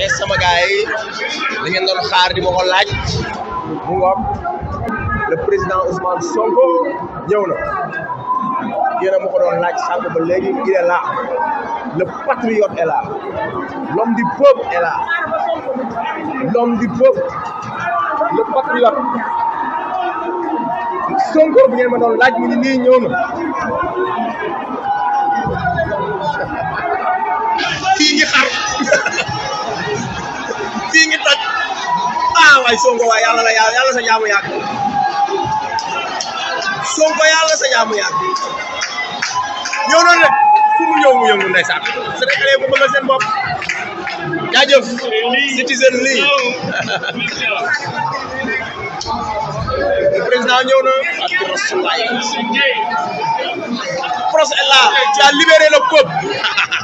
yes sama gars yi da ngeen doon xaar di ma laaj mu ngoog le président Ousmane Sonko ñëw na yéen ko doon laaj sànq ba léegi il est là le patriote est là l'homme du peuple est là l'homme du Sonko bi ngeen ma doon laaj mu ngi nii fii ngi xar fii ngi ah waay Sonko waay yàlla la yàlla sa jaamu yàgg Sonko yàlla sa jaamu yàgg ñëw noonu rek fu mu ñëw mu yëngu bu bëgg seen citizen lii président ñëw na procès là tu as ya, libéré le peuple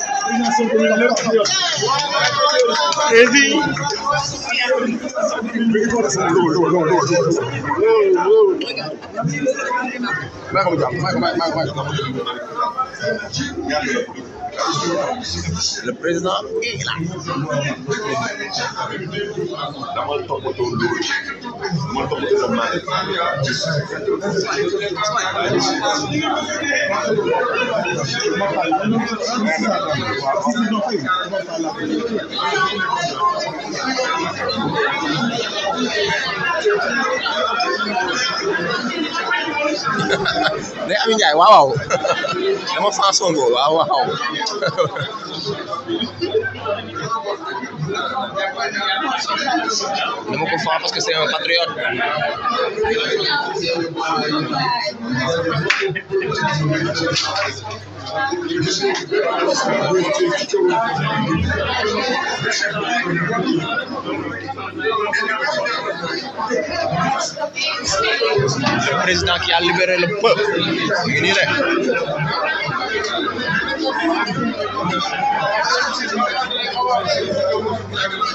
combinação com o número anterior. Ezi. Vai, vai, vai, vai, vai. Le président est là. Dans mon top, on molto molto male đấy anh nhảy quá bảo, em có pha xuồng của quá wow Não vou falar porque você é um patriota. President qui a libéré le peuple.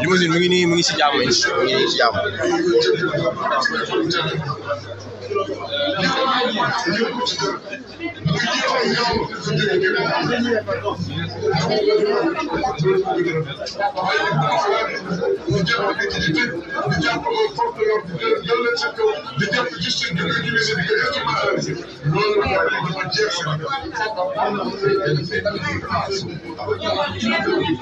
limousine mu ngi nii mu ngi si jàmm mu ngi nii si jàmm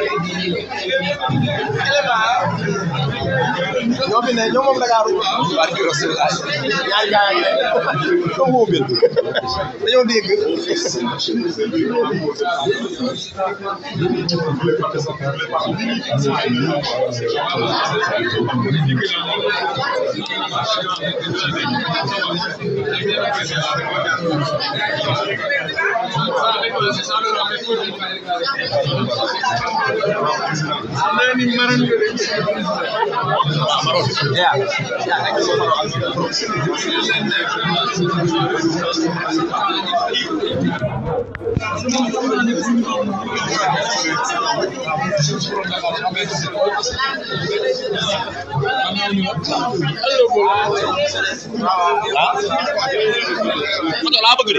ñoo fi ne ñoo moom Ndakaaru barki Rasulullah ñaari gaay ñoo wóobil Alani Maran Yeah. yeah. ah oto laa bëgg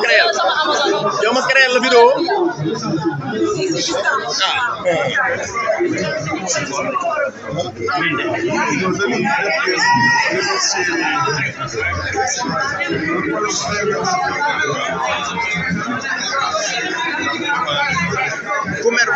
crela. Deu uma crela, virou. Como era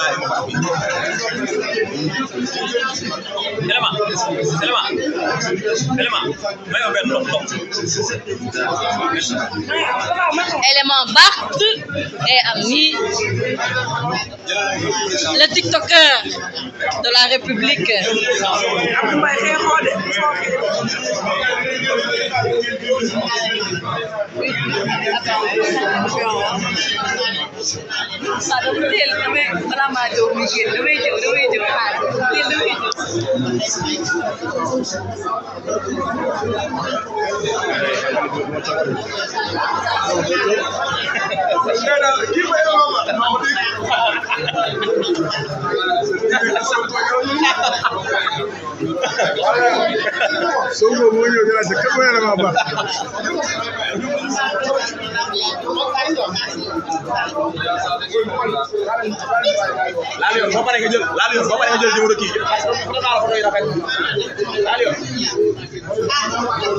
Elle m'embarque et ami, le TikToker de la République. Mà đúng tiền nó về Nó làm mà chủ mình kiến nó về chủ nó về chủ Hà Tiền nó về chủ No, no, keep it on, man. No, no. sóńgò Lalu, yóò yára ṣe kébé rẹ yang Lálẹ́ ọ̀sán bá rẹ̀ kẹjọ́ lálẹ́ ọ̀sán bá rẹ̀ kẹjọ́ ìdíwọ́n kì í.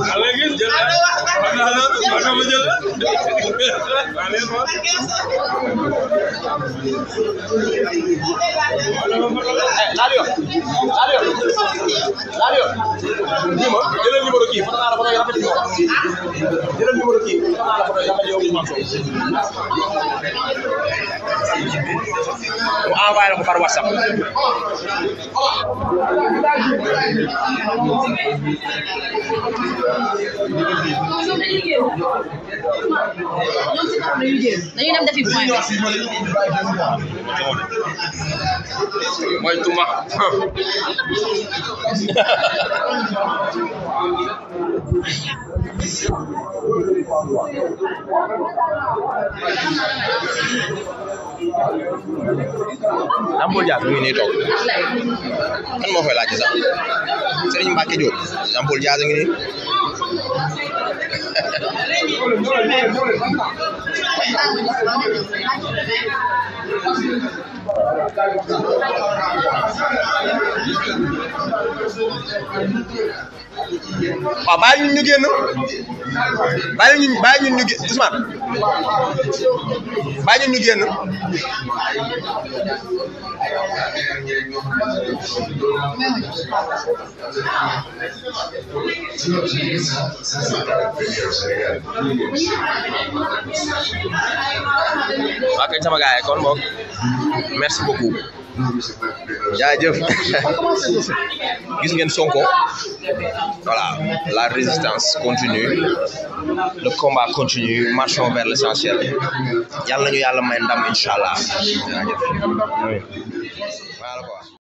Lálẹ́ daal yoon nii ma jëlal numéro kii foto naa la foto yi rafet yow jëlal numéro kii foto naa la foto yi rafet yow Ousmane Sow mu envoyé la ko par WhatsApp dañuy dem defi point mooy tuma đi Nampoli mi nii toog kan moo fay laaj sax Serigne Mbacke Diop Nampoli Dia ngi nii waaw bàyyi ñun ñu génn bàyyi ñun bàyyi ñun ñu génn Ousmane bàyyi ñun ñu génn waa kay sama gaay kon boog merci beaucoup jaajëf gis ngeen Sonko voilà la résistance continue le combat continue marchons vers l'essentiel yàlla nañu yàlla may ndam incha allah jaajëf